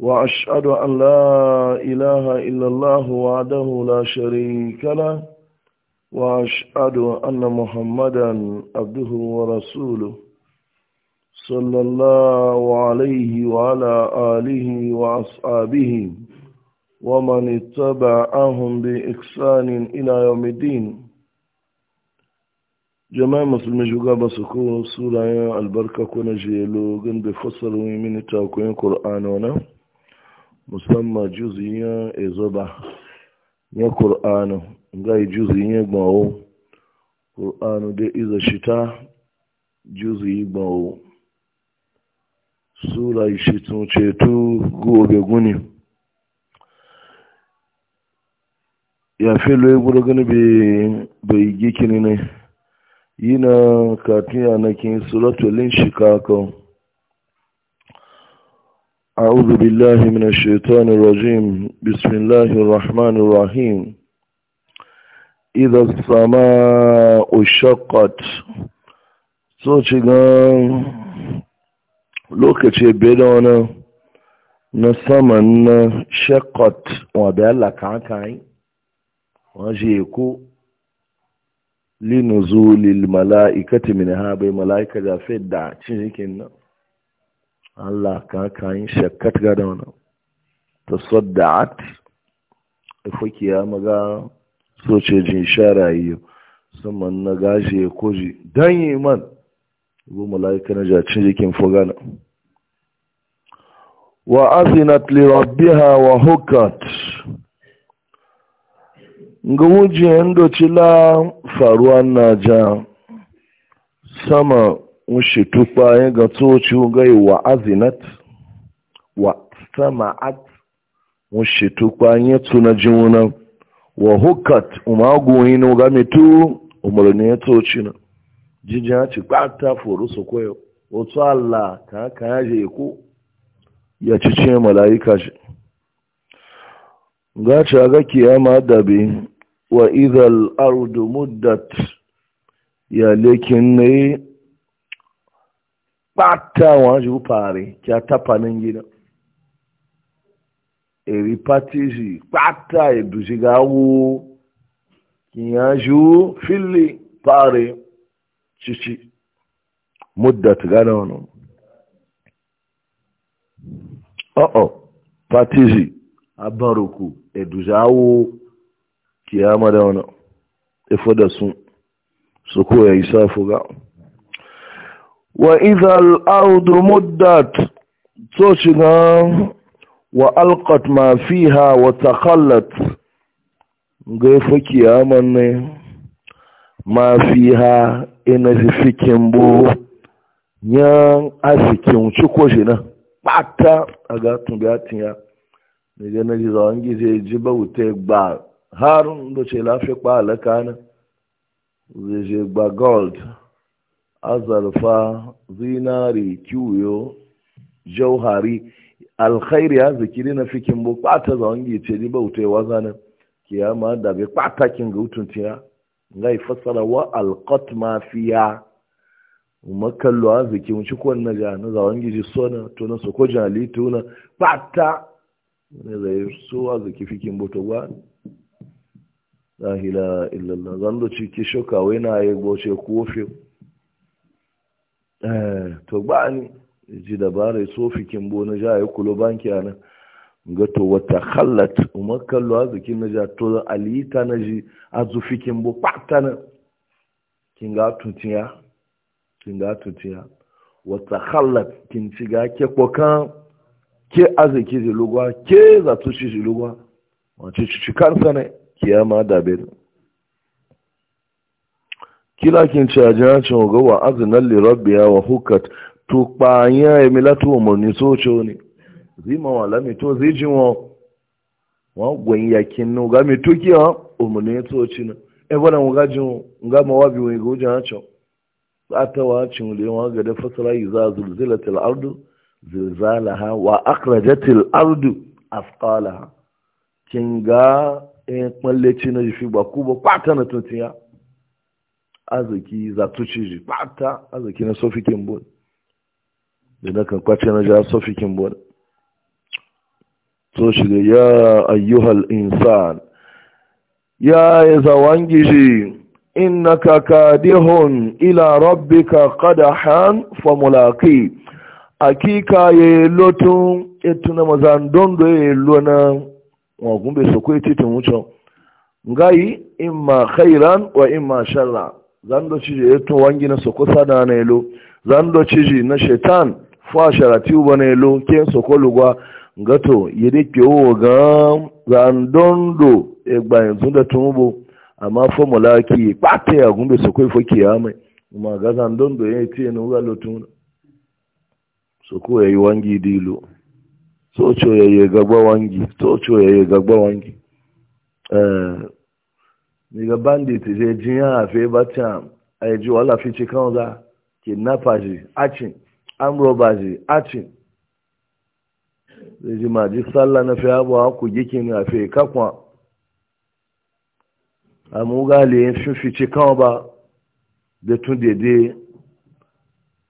وأشهد أن لا إله إلا الله وعده لا شريك له وأشهد أن محمدا عبده ورسوله صلى الله عليه وعلى آله وأصحابه ومن اتبعهم بإحسان إلى يوم الدين جماعة مسلمة جوغا بسكو سورة البركة كنا جيلو جنب فصل من تاكوين قرآن ونه musamman juzi ya ezoba ya ƙur'anu ga juzi ya gbawo ƙur'anu da iza shita juzi gbawo sura shitun ceto gobe guni ya fi lo iburu gani bai gikini ne yi na katiya na kin suratulin shikakon أعوذ بالله من الشيطان الرجيم بسم الله الرحمن الرحيم إذا السماء شقت سوچيغان لوكتي بيدونا نسمن شقت وبيالا كاكاي واجيكو لنزول الملائكة منها بملائكة فدا تشيكينا Allah ka kayan shakkat ga da wannan ta sadda'at ifakiya maga sojojin sharayi saman na gashi ya koji don yi man ibu mala'ika na jacin jikin fogana wa wa faruwa na ja sama wuce tukpa ya ga tsoci gai wa azinat wa sama'at wuce tukpa ya tuna jiwunan wa hukat umagoyi na ga mitu na ya tsoci na jijin ci kpata foro su koyo otu allah ka aka ya je ya ci ce mala'ika shi gaci ya ma dabi wa izal ardu muddat ya lekin ne pata wanje upare chatapa nengina eripatizi pata eduzigawu kinyanju fili pare cici muddat gana wono oh oh patizi abaruku eduzawu kiyama da wono ifo e da sun su ko e ya yi safu wa izal ardu muddat so shiga wa alqat ma ha wa takhallat ga fakiya manne ma fi fiha ina fikin bu yan asikin ciko shi na kpata aga gatun gatin ya na ga naji zawon gize ji bauta gba har da ce lafi kwa alaka na zai gba gold azalfa zinari kiwo jauhari alkhairi ya zikiri na fikin bu kwata za wangi ce ni bauta ya wazana kiyama da bai kwata kin ga hutun tiya ngai fassara wa alqat ma fiya makallo a ziki mun ci kon na na za wangi ji sona to na so ko jali to kwata ne zai so a ziki fikin bu to gwa la ilaha illallah zan do ci ki shoka wai na yi goce ko fiyo ka ba ni ji dabara so fikin bo na ja ya kulo banki nan ga to wata halat umar kallo arzikin na ja to alita na ji a fikin bo pata na kin ga tutiya kin ga tutiya wata halat kin ci ga ke kokan ke arziki ji lugwa ke za tu shi lugwa wace ci kansa ne kiyama da bai kila kin ci ajiyar cin ogowa azinan lirabiya wa hukat tukpa ya emi lati umarni so ce ne zima wa zai zijin wa wọn gwen yakin na ga mai ki wa, umarni so ce na ebe na nga jin nga ma wabi wani ga ujiyar cin ta wa cin wule wa ga da fasara yi za zulzilatil ardu zilzalaha wa akrajatil ardu afqalaha kin ga in e kwalle na jifi ba ku ba kwata na ya? arziki zatuci ji ɓata arziki na sofikin bod da na kan kwace na ja sofikin bod so da ya ayyuhal insan ya yi zawon gishi innaka kadihun ila rabbika qadahan famulaki akika yi lotun na mazan dondo yi lona wa gumbe sokweti Ngayi, in imma khairan wa imma sharra zando ciji ya to wangi na soko sada na elo zando ciji na shetan fa sharati uba na elo ken soko lugwa ngato yede ke o ga zandondo egba yanzu da tumubo amma formula ki pate ya gumbe soko ifo kiyama ma ga zandondo ya tie na uga lotuna soko ya yi wangi dilo socho ya yi gagba wangi socho ya yi gagba wangi eh daga bandit je jiya a fe bata a yi ji wala fi cikin ga kidnapper ji acin amroba ji zai ma ji sallah na fi abuwa ku gikin a fe kakwa a mugali yin fi fi cikin ba da tun dede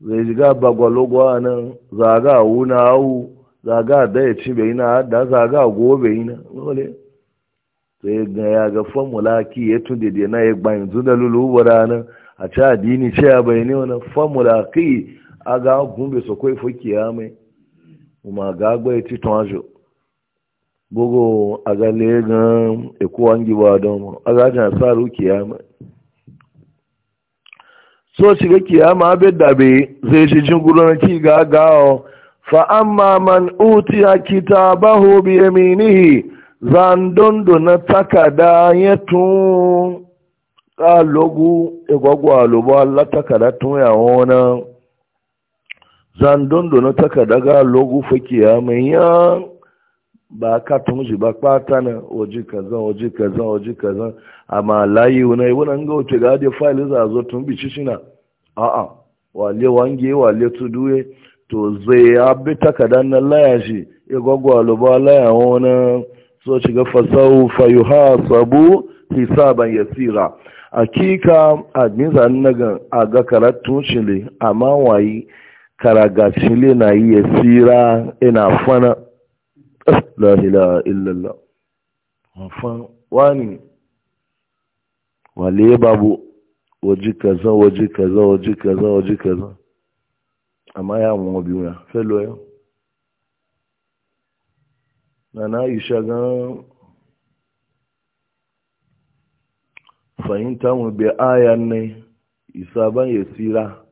zai ji ga bagwalogwa nan zaga wuna hau zaga da ya ci bai na da zaga gobe na wale sai ga ya ga formula ki ya tunde da na ya bayan zunda lulu wara nan a ci addini ce ya bayani wannan formula ki a ga gumbe so koi fuki ya mai kuma ga gba ya ci tonjo bugu a ga le ga e ko an giwa don a ga ta sa ruki ya mai so shiga kiyama abin da bai zai shi jin gudunar ki ga gawo fa amma man utiya kitabahu bi zandondo na takada ya tun ƙalogu igwagwa alubu Allah takada tun ya wona zandondo na takada ga logu fakiya mai ya ba ka tun shi ba kpata na waje kaza waje kaza waje kaza amma layi wani wani ga wuce ga adi fayil za a zo tun bici shi na a'a wale wange wale tuduwe to zai ya bi takada na laya shi igwagwa alubu Allah ya wona so shiga fasau fayuha sabu hisaban yasira akika admiza a ga karatun shile amma wayi karaga shile na yi yasira ina fana lahila illallah afan wani wale babu waje kaza waje kaza waje kaza waje kaza amma ya mu biyu na fellow nana na isha gan fahimta mu bi ayan ne isa ban ya tsira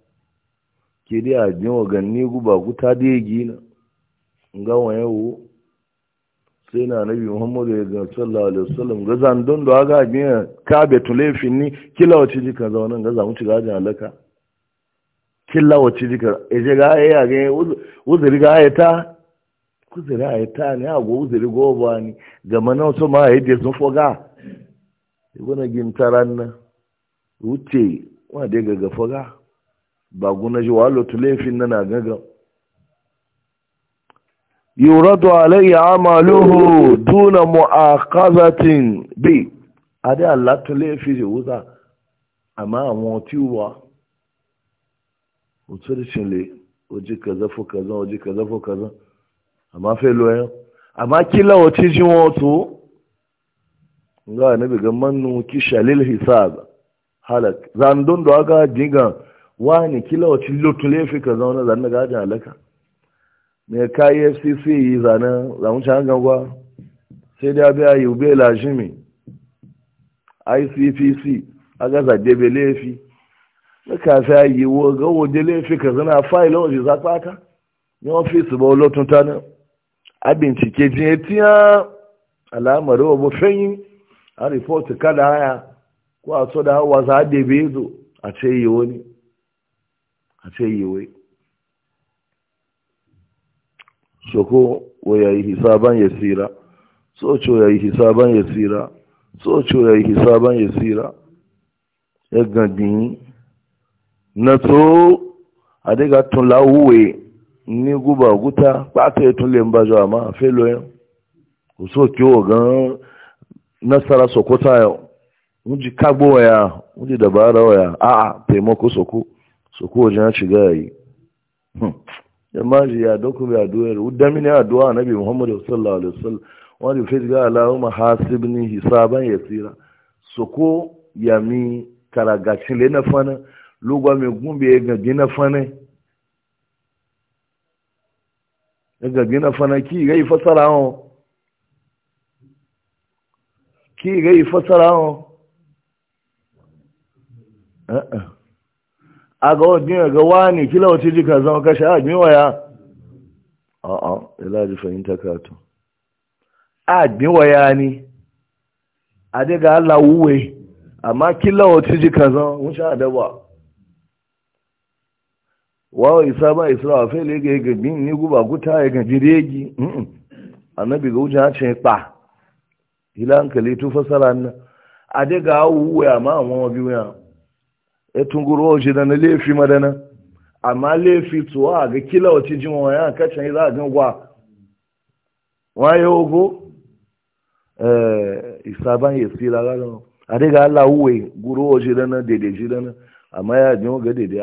ke dai a jin waganni guba guta da ya gina ga wayewo sai na nabi muhammadu ya ga sallallahu alaihi wasallam ga zan don da ga biya ka be fin ni kila wace jika zaunan ga zamu ci gajin alaka kila wace jika e je ga ya ga uzuri ga ya ta kuziri a yi ta ne a go uziri goba ne gama na wasu ma a yi da sun foga ibuna gintaran wuce wa da gaga foga ba guna ji wa lotu laifin na na gaga yuradu alayya amaluhu duna mu'aqazatin bi ade Allah to laifin ji wuza amma àwọn tí kaza fo kaza oji kazan ojú kazafo kaza. amma fai loyan amma kila jin ki shalil hisab halak zan don da ga diga wani kila wace lotu ka zauna zan ga me ka yi zana gwa sai da ICPC aga za debe yi wo ga wo de ka zana file o ji ni office a bincike jin tiya alamar wa fayin a report kada haya ko a so da hawa za da zo a ce yi wani a ce yi wai so ko wa yayi hisaban yasira so ce yayi hisaban yasira so ce yayi hisaban ya gandin na so a daga tun lawuwe ní gúbà òkúta pàtẹ́ tún lè ń bájọ àmá lọ ẹ̀ kò sóòkè ò gan násàrà sọ̀kọ́tà ẹ̀ wọ́n ti kágbó ọ̀yà wọ́n ti dàbà ara ah, ah, tẹ̀ mọ́ kó sọ̀kó sọ̀kó ọ̀jẹ́ náà ṣìgá yìí hmm. ẹ má ṣe àdókò bí àdúrà rẹ̀ ó ní àdúrà muhammad sallallahu ṣọlá wọ́n ti fẹ́ jígá aláwọ̀ máa ha ní hisaban yẹ síra sọ̀kó yàmi karagàtìlẹ̀ náà fana lógbàmí gúnbẹ̀ẹ́ fana daga gina fana ki gai fasara hon ki gai fasara hon eh, eh. a ga wajen ga wani kila wace jika zama kashe a gbewa ya a'a ila ji fahimta kato a gbewa ya ni a daga Allah wuwe amma kila wace jika zama wuce a dabawa wawa isa ba isra wa fele ga ga bin ni guba guta ya e ga jiregi annabi ga wuce hace pa ila hankali tu fasara na a de ga awu ya ma amma wa biya e tunguro oje da na lefi madana amma lefi tuwa ga kila wace jin wa ya kace za ga gwa waye ogo eh isa ban yasira ga a de ga Allah uwe guro oje da na dede jidana amma ya jin ga dede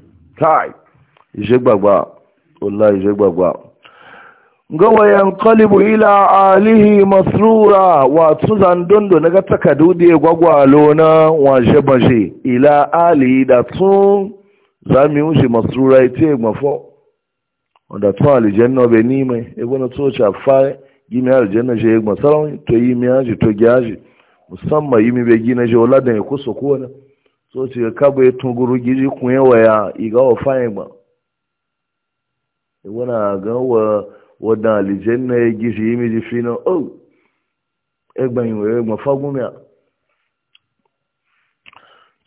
kai ishe gbagba wallahi ishe gbagba gawa yankalibu ila alihi masrura wa tuzan dondo na ga takadu e da ya gwagwalo na washe bashe ila alihi da tun zami wuce masrura ita ya e gbafo wanda tun alijanna bai ni mai egwena tsoca fa yi mai alijanna e shi ya gbasarar to yi mai yaji to gyaji musamman yi mai bai gina shi wala da ya kusa so ci kagbo ya tunguru gizi kunye waya iga wa fayin ba wana ga wa wadan alijen na ya gizi yi miji fi na o egban yi waya egban fagumiya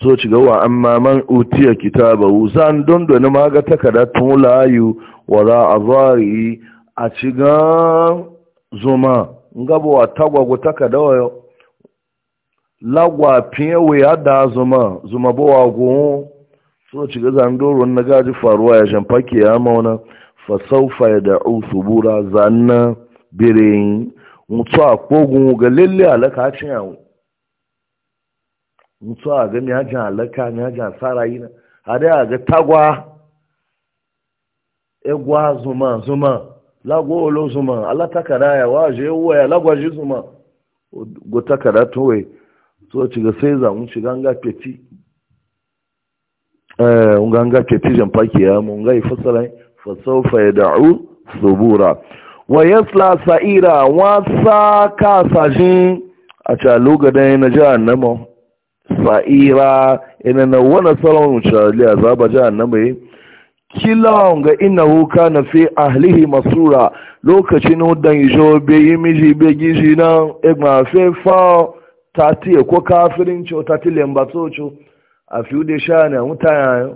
so ci ga wa amma man utiya kitaba wuzan don doni ma ga takada tun layu wara a zari a ci ga zoma ngabo a tagwago takada wayo lagwa fiye ya da zuma zuma bawa gowo so ci ga na gaji faruwa ya jamfake ya mauna fasaufa ya da usubura zanna birin mutu a kogun ga lalle alaka cin yawo mutu a ga miyajin alaka miyajin asara yi na hada ya ga tagwa egwa zuma zuma lagwa olo zuma alatakara ya waje yawo waya lagwa ji zuma go to wai so ci ga sai za mun shiga nga peti eh nga nga peti jan paki ya mun ga fa sawfa yad'u subura wa yasla sa'ira wa saka sajin a ca logadan na jahannama sa'ira ina na wani salon wucari a zaba jahannama yi kilawon ga ina huka na fi ahlihi masura lokacin hudan yi jo be yi miji be gizi na egmafe fa tatiye ko kafirin co tati lembatso co a fi da sha ne mutane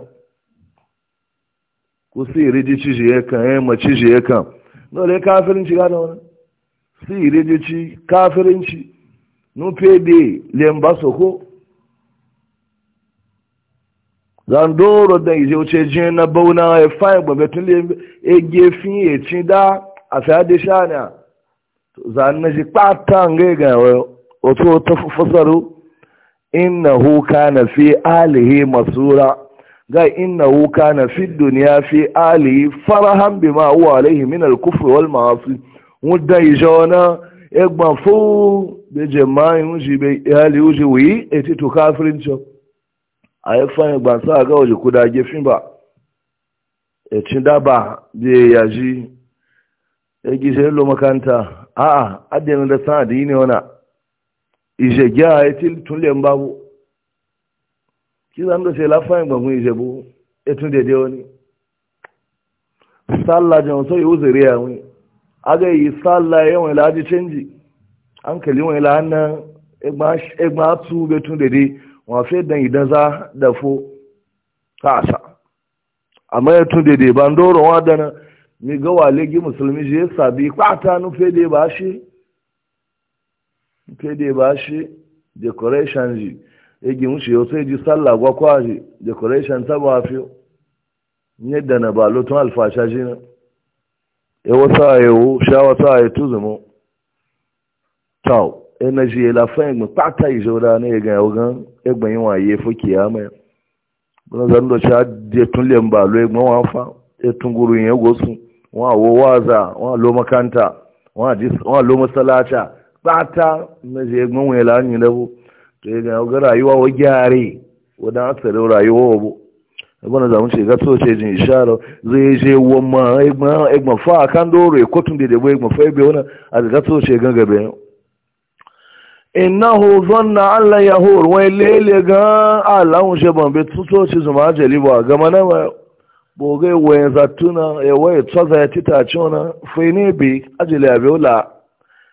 ku si riji cije kan eh maci cije kan no le kafirin ci gada wani si riji ci kafirin ci nu pede lembatso ko zandoro da ije uce je na bauna ya fayin babe tun le ege fin ye ci da a fi da sha ne zanen ji kpata ngai ga yau wato ta fasaru innahu kana fi alihi masura ga innahu kana fi dunya fi alihi farahan bima huwa alaihi min al-kufr wal ma'asi mudda ijona egba fu be jama'i uji be ali uji wi eti to kafirin cho ay fa egba sa ga uji kuda gefin ba eti daba be yaji egize lo makanta a'a adena da sanadi ne wana ìṣe gí ààyè tí tún lè ń bá wò kí ló ń lọ sí láfáà ìgbàgbọ́n ìṣe bó ẹtún dédé ọ sálà jẹun tó yóò zèrè àwọn aga yi sálà ẹwọn ìlà ajé chẹ́ńjì ànkẹ̀lẹ́ wọn ìlà àná ẹgbà tú bẹ́tún dédé wọn fẹ́ dán ìdánzá dàfo káàṣà àmọ́ ẹtún dédé bá ń dọ́rọ̀ wọn dáná mi gawa lẹ́gí mùsùlùmí ṣe é sàbí pátá nufẹ́ dé bá ṣe é. fede ba shi decoration ji egi wuce yau sai ji sallah gwa kwaji decoration ta ba fi yadda na ba tun alfasha ji na e wata ayewu sha wata aye tuzumu tau energy ya lafa egbe pata ijo da na ega yau E, egbe yin waye fuki ya mai bana zan do sha de tun le mba lo egbe wa fa e tunguru yin egosun wa wo waza wa lo makanta wa dis wa lo masalata sata na je gbanwe anyị da bu to ya ga rayuwa wa gyare wadda asalin rayuwa wa bu abin da zamu ce ga to ce jin ishara zai je wa ma egma egma fa kan kotun fa be a ga ce ga gabe innahu an la yahur ga ce zuma jali ba ga mana bogai wayan zatuna ya waye tsaza ya ne bi ajali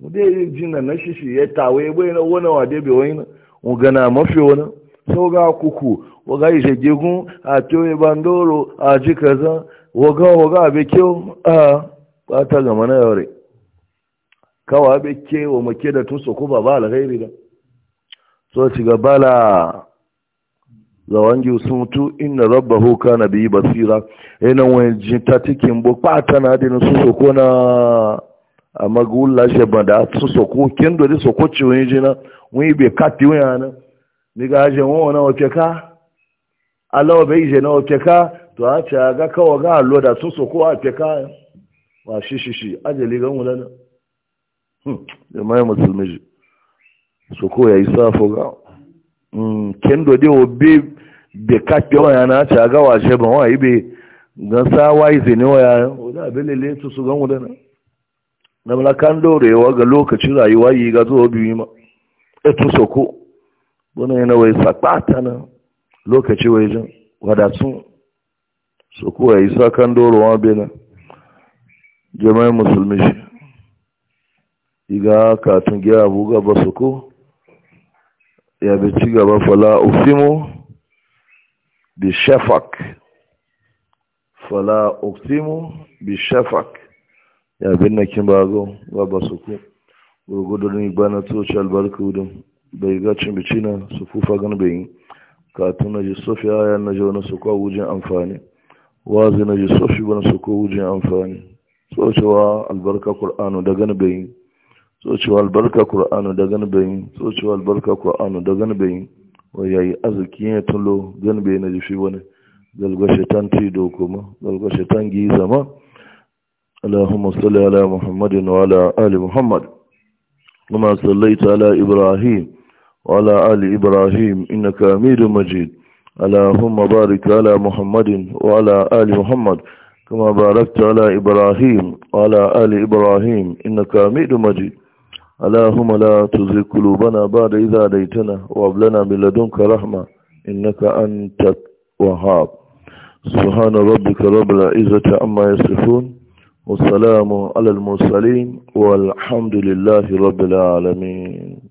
mude yi ji na shishi ya tawe bai na wani wa debe wani na gana mafi ona sau ga kuku oga ishe gigun a oye bandoro a ji kaza waga waga abe kyau a bata gama na yare kawa abe ke wa make da tun soko ko ba ba alkhairi da so ci gaba la zawangi sun tu inna rabbahu kana bi basira ina wani ji ta tikin bo pata na adini sun na amma ga wula shi ba da su soko kin dori soko ciwon yi jina wani bai kati wani ana ni ga ajiyar wani wace ka alawa bai je na wace ka to a ce ga kawo ga allo da su soko a ce ka wa shi shi shi ajali gan wula na hmm, jama'i musulmi soko ya yi safo ga hmm, kin dori o bi bai kati wani ana a wa je wace ba wani bai gan wa izini wani ana wadda abin lele su su gan wula na da mulakan dorewa ga lokacin rayuwa yi ga zuwa biyu ma eto soko wani yana wai sakpata na lokaci wai jin wadatun soko ya yi sakan dorewa bena jama'in musulmi shi iga katun gira buga ba soko ya bi ci gaba fala ufimu bi shafak fala ufimu bi shafak ya binna kin bago ba ba su ku gurgudu ni bana toci albarka wudin bai ga cin bici na su fufa gan bai yi katun na ji sofi aya na ji wani su kwa wujin amfani wazi na ji sofi wani su kwa wujin amfani tsocewa albarka kur'anu da gan bai yi tsocewa albarka kur'anu da gan bai yi tsocewa albarka kur'anu da gan bai yi wa yayi arziki ya tulo gan bai na ji fi wani galgashe tan tido kuma galgashe tan gi zama اللهم صل على محمد وعلى آل محمد كما صليت على إبراهيم وعلى آل إبراهيم إنك أمير مجيد اللهم بارك على محمد وعلى آل محمد كما باركت على إبراهيم وعلى آل إبراهيم إنك أمير مجيد اللهم لا تزغ قلوبنا بعد إذا هديتنا وهب لنا من لدنك رحمة إنك أنت الوهاب سبحان ربك رب العزة عما يصفون والسلام على المرسلين والحمد لله رب العالمين